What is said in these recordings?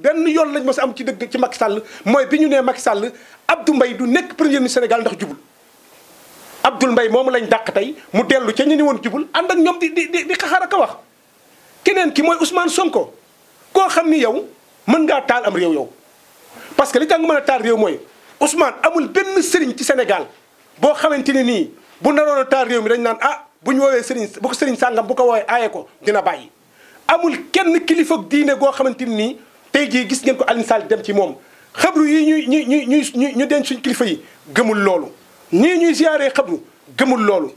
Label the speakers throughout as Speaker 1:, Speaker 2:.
Speaker 1: benn yoon lañ mos am ci dëgg ci mag sàll mooy bi ñu nee Macky Sall Abdou mbay du nekk premier ministre Sénégal ndax jubul Abdoul mbay moomu lañ dàq tey mu dellu ca ñu ni woon jubul ànd ak ñoom di di di xaxaar ak a wax. keneen ki mooy Ousmane Sonko koo xam ni yow mën ngaa taal am réew yow parce que li tax nga mën a taal réew mooy Ousmane amul benn sëriñ ci Sénégal boo xamante ne nii bu naroon a taal réew mi dañ naan ah bu ñu woowee sëriñ bu sëriñ sàngam bu ko woowee aaye ko dina bàyyi amul kenn kilifa diine goo xamante ni nii. tey jii gis ngeen ko Alioune Sall dem ci moom xabru yi ñuy ñu ñu ñuy ñu denc suñ kilifa yi gëmul loolu nii ñuy siyaaree xabru gëmul loolu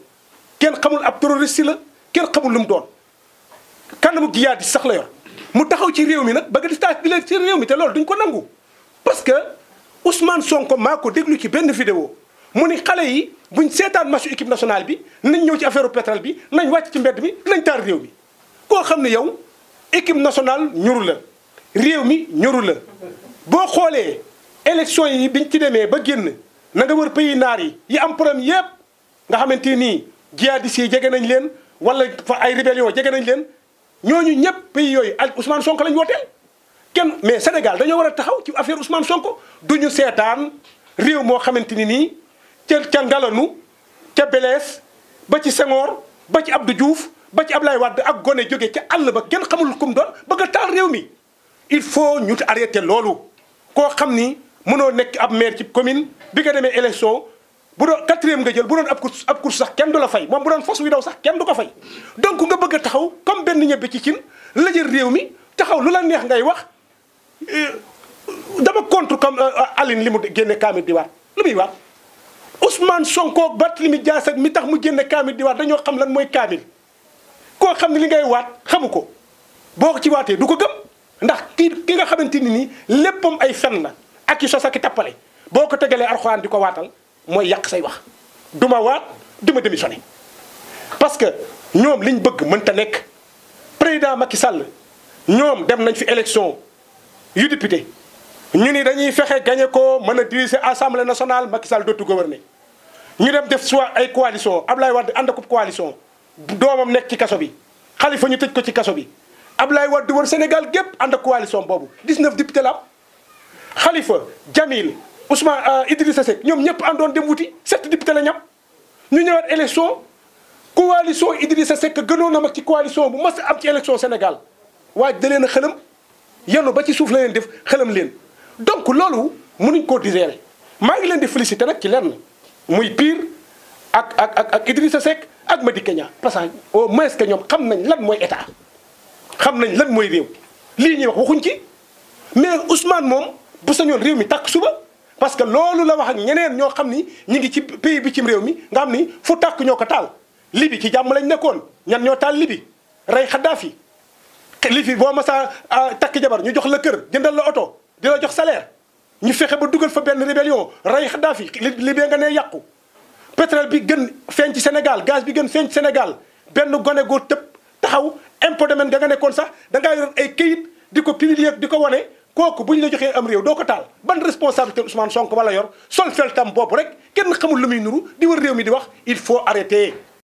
Speaker 1: kenn xamul ab terroriste la kenn xamul lu mu doon kanamu jiyaat yi sax la yor mu taxaw ci réew mi nag bëgg di taas di ci réew mi te loolu duñ ko nangu parce que Ousmane Sonko maa ko déglu ci benn vidéo mu ni xale yi buñ seetaan matchu équipe nationale bi nañ ñëw ci affaire pétrole bi nañ wàcc ci mbedd mi nañ taal réew mi koo xam ne yow équipe nationale ñuru réew mi ñoru la boo xoolee élection yi biñ ci demee ba génn na nga wër pays naar yi yi am problème yépp nga xamante nii jihadistes yi jege nañ leen wala fa ay rébellion jege nañ leen ñooñu ñëpp pays yooyu ak Ousmane Sonko lañ wooteel kenn mais Sénégal dañoo war a taxaw ci affaire Ousmane Sonko duñu seetaan réew moo xamante ni nii ca ca Ngalanu ca Belees ba ci Senghor ba ci Abdou juuf ba ci Ablaye Wade ak gone jóge ca àll ba kenn xamul kum doon bëgg a taal mi il faut ñu arrêté loolu koo xam ni mënoo nekk ab maire ci commune bi nga demee élection bu doon quatrième nga jël bu doon ab course ab course sax kenn du la fay moom bu doon fas wi daw sax kenn du ko fay. donc nga bëgg a taxaw comme benn ñebe ci cin la réew mi taxaw lu la neex ngay wax dama contre comme euh, Aline li mu génne kaamil di waat lu muy waat Ousmane Sonko ak Barthélémy Dias ak mi tax mu génne kaamil di waat dañoo xam lan mooy kaamil koo xam ne li ngay waat xamu ko boo ko du ko gëm. ndax ki ki nga xamante ni nii léppam ay fen la ak i sos ak i tappale boo ko tegalee arxuraan di ko waatal mooy yàq say wax du ma waat du ma parce que ñoom liñ bëgg mënta nekk président Macky Sall ñoom dem nañ fi élection yu député ñu ni dañuy fexe gagné ko mën a diriger assemblée nationale Macky Sall dootu gouverner ñu dem def soit ay coalition Ablaye Wade ànd ak coalition doomam nekk ci kaso bi xalifa ñu tëj ko ci kaso bi Ablaye Wade wër Sénégal gépp ànd a coalition boobu 19 député la am Khalifa Jamil Ousmane euh, Idrissa Seck ñoom ñëpp àndoon dem wuti 7 député la ñam ñu ñëwaat élection coalition Idrissa Seck gënoon a mag ci coalition bu mas am ci élection Sénégal waa da leen a xëlam yenu ba ci suuf la leen def xëlam leen donc loolu mënuñ koo digérer maa ngi leen di féliciter nag ci lenn muy pire ak ak ak ak Idrissa Seck ak Madické Niang parce que au moins ñoom xam nañ lan mooy état. xam nañ lan mooy réew lii ñuy wax waxuñ ci mais Ousmane moom bu sañoon réew mi tàkk suba parce que loolu la wax ak ñeneen ñoo xam ni ñu ngi ci pays bi cim réew mi nga xam ni fu tàkk ñoo ko taal libi ci jàmm lañ nekkoon ñan ñoo taal libi rey Xaddaafi li fi boo masaa ah, takk jabar ñu jox la kër jëndal la oto di la jox salaire ñu fexe ba dugal fa benn rébellion rey Xaddaafi li bee nga ne yàqu pétrole bi gën feeñ ci Sénégal gas bi gën feeñ ci Sénégal benn gone goo tëb taxaw impôt domaine da nga sax da ngaa ay këyit di ko publier di ko wane kooku bu ñu la joxee am réew do ko taal ban responsabilité Ousmane Sonko wala yor sol feltam boobu rek kenn xamul lu muy nuru di wër réew mi di wax il faut arrêter